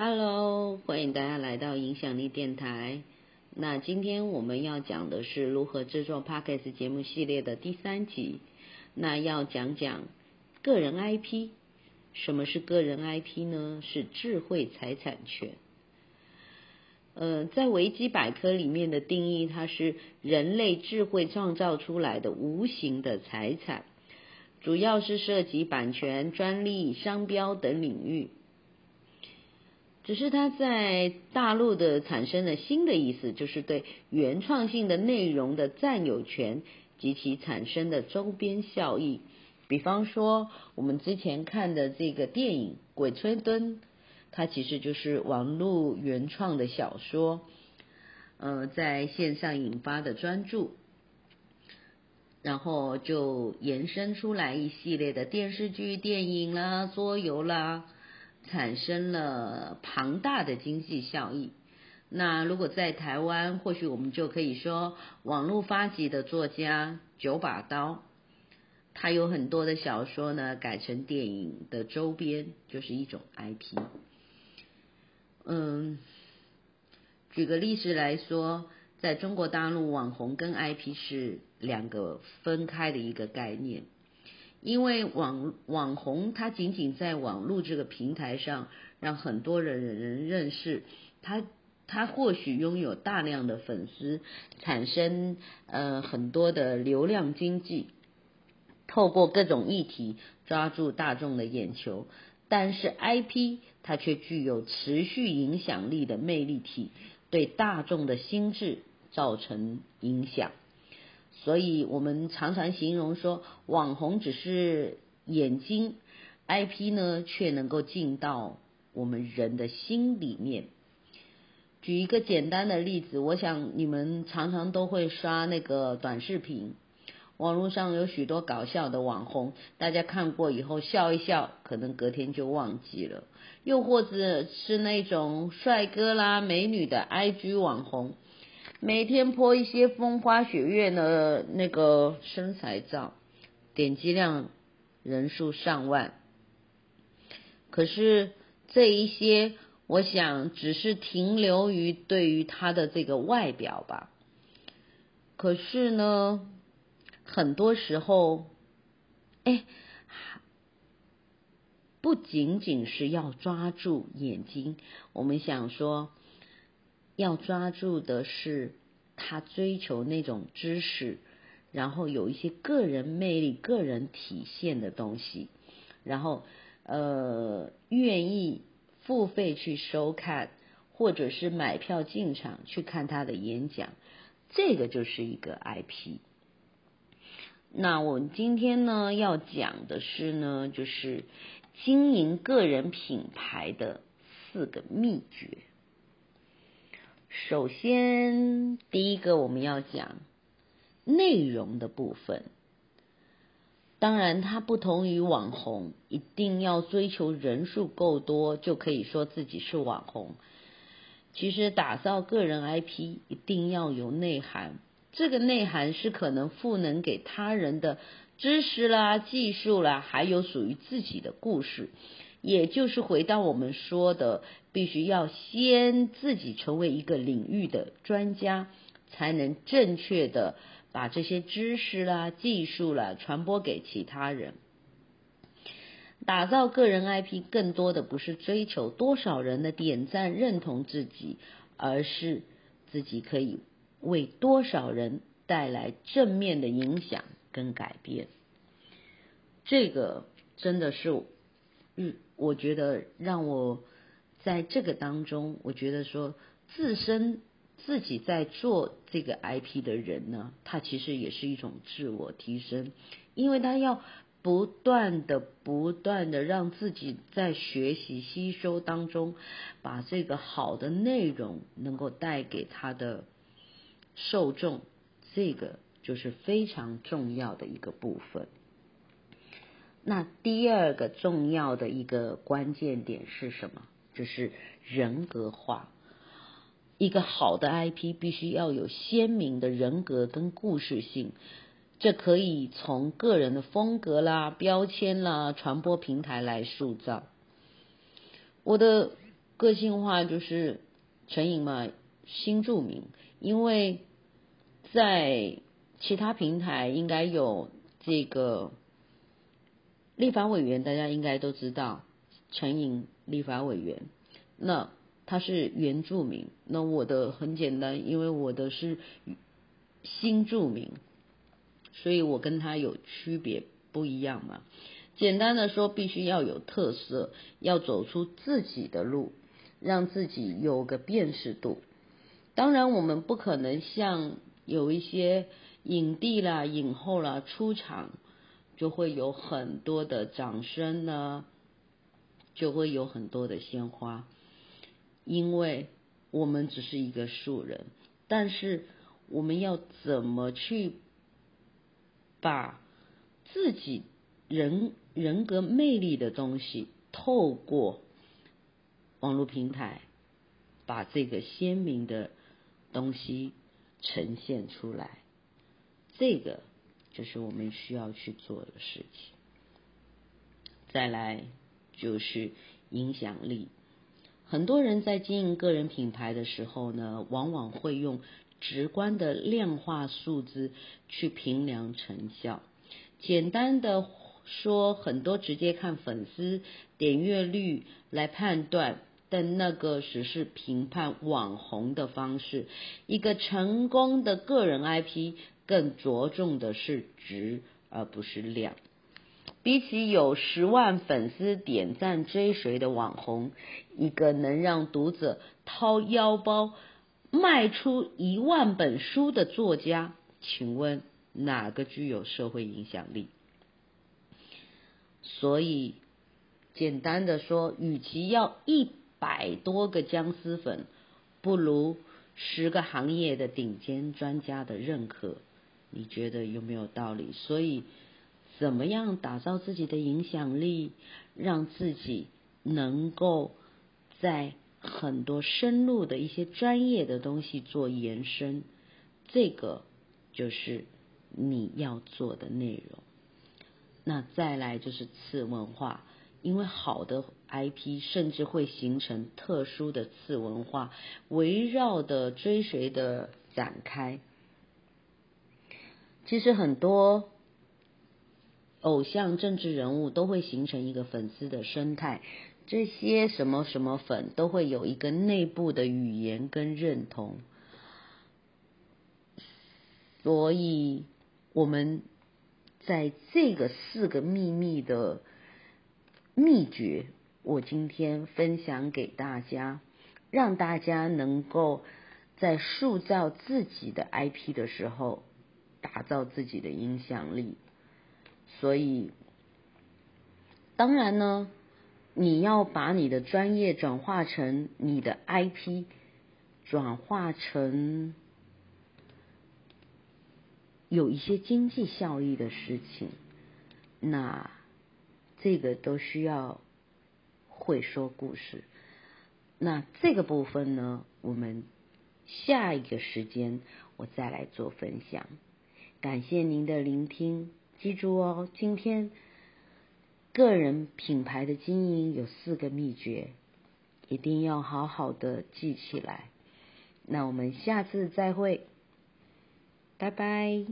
哈嘍，Hello, 歡迎大家來到影響力電台。那今天我們要講的是如何制作 Podcast 節目系列的第三集。那要講講個人 IP，什麼是個人 IP 呢？是智慧財產權。呃，在維基百科裡面的定義，它是人類智慧創造出來的無形的財產，主要是涉及版權、專利、商標等領域。只是它在大陸的產生了新的意思，就是對原創性的內容的占有權及其產生的周邊效益。比方說，我們之前看的這個電影《鬼吹燈》，它其實就是網絡原創的小說，呃，在線上引發的專注，然後就延伸出來一系列的電視劇、電影啦、桌遊啦。產生了龐大的經濟效益。那如果在台灣，或許我們就可以說，網絡發跡的作家九把刀，他有很多的小說呢，改成電影的周邊，就是一種 IP。嗯，舉個例子來說，在中國大陸，網紅跟 IP 是兩個分開的一個概念。因為網網紅，他僅僅在網絡這個平台上讓很多人人認識他，他或許擁有大量的粉絲，產生呃很多的流量經濟，透過各種議題抓住大眾的眼球，但是 IP 它卻具有持續影響力的魅力體，對大眾的心智造成影響。所以我們常常形容說，網紅只是眼睛，IP 呢，卻能夠進到我們人的心裡面。舉一個簡單的例子，我想你們常常都會刷那個短視頻，網絡上有許多搞笑的網紅，大家看過以後笑一笑，可能隔天就忘記了；又或者是那種帥哥啦、美女的 IG 網紅。每天潑一些風花雪月的那個身材照，點擊量人數上萬。可是這一些，我想只是停留於對於他的這個外表吧。可是呢，很多時候，哎，不僅僅是要抓住眼睛，我們想說。要抓住的是他追求那種知識，然後有一些個人魅力、個人體現的東西，然後呃願意付費去收看，或者是買票進場去看他的演講，這個就是一個 IP。那我們今天呢要講的是呢，就是經營個人品牌的四個秘訣。首先，第一個我們要講內容的部分。當然，它不同於網紅，一定要追求人數夠多就可以說自己是網紅。其實，打造個人 IP 一定要有內涵，這個內涵是可能賦能給他人的知識啦、技術啦，還有屬於自己的故事。也就是回到我們說的，必須要先自己成為一個領域的專家，才能正確的把這些知識啦、技術啦傳播給其他人。打造個人 IP，更多的不是追求多少人的點讚認同自己，而是自己可以為多少人帶來正面的影響跟改變。這個真的是。嗯，我覺得讓我在這個當中，我覺得說自身自己在做這個 IP 的人呢，他其實也是一種自我提升，因為他要不斷的、不斷的讓自己在學習、吸收當中，把這個好的內容能夠帶給他的受眾，這個就是非常重要的一個部分。那第二個重要的一個關鍵點是什麼？就是人格化。一個好的 IP 必須要有鮮明的人格跟故事性，這可以從個人的風格啦、標籤啦、傳播平台來塑造。我的個性化就是陳瑩嘛，新著名，因為在其他平台應該有這個。立法委員大家應該都知道，陳穎立法委員，那他是原住民，那我的很簡單，因為我的是新住民，所以我跟他有區別不一樣嘛。簡單的說，必須要有特色，要走出自己的路，讓自己有個辨識度。當然，我們不可能像有一些影帝啦、影后啦出場。就會有很多的掌聲呢，就會有很多的鮮花，因為我們只是一個素人，但是我們要怎麼去，把自己人人格魅力的東西透過網絡平台把這個鮮明的東西呈現出來，這個。這是我們需要去做的事情。再來就是影響力。很多人在經營個人品牌的時候呢，往往會用直觀的量化數字去評量成效。簡單的說，很多直接看粉絲、點閱率來判斷，但那個只是評判網紅的方式。一個成功的個人 IP。更着重的是值，而不是量。比起有十萬粉絲點讚追隨的網紅，一個能讓讀者掏腰包賣出一萬本書的作家，請問哪個具有社會影響力？所以，簡單的說，與其要一百多個僵屍粉，不如十個行業的頂尖專家的認可。你覺得有沒有道理？所以，怎麼樣打造自己的影響力，讓自己能夠在很多深入的一些專業的東西做延伸？這個就是你要做的內容。那再來就是次文化，因為好的 IP 甚至會形成特殊的次文化，圍繞的追隨的展開。其實很多偶像、政治人物都會形成一個粉絲的生態，這些什麼什麼粉都會有一個內部的語言跟認同，所以我們在這個四個秘密的秘訣，我今天分享給大家，讓大家能夠在塑造自己的 IP 的時候。打造自己的影響力，所以當然呢，你要把你的專業轉化成你的 IP，轉化成有一些經濟效益的事情，那這個都需要會說故事。那這個部分呢，我們下一個時間我再來做分享。感謝您的聆聽，記住哦，今天個人品牌的經營有四個祕訣，一定要好好的記起來。那我們下次再會，拜拜。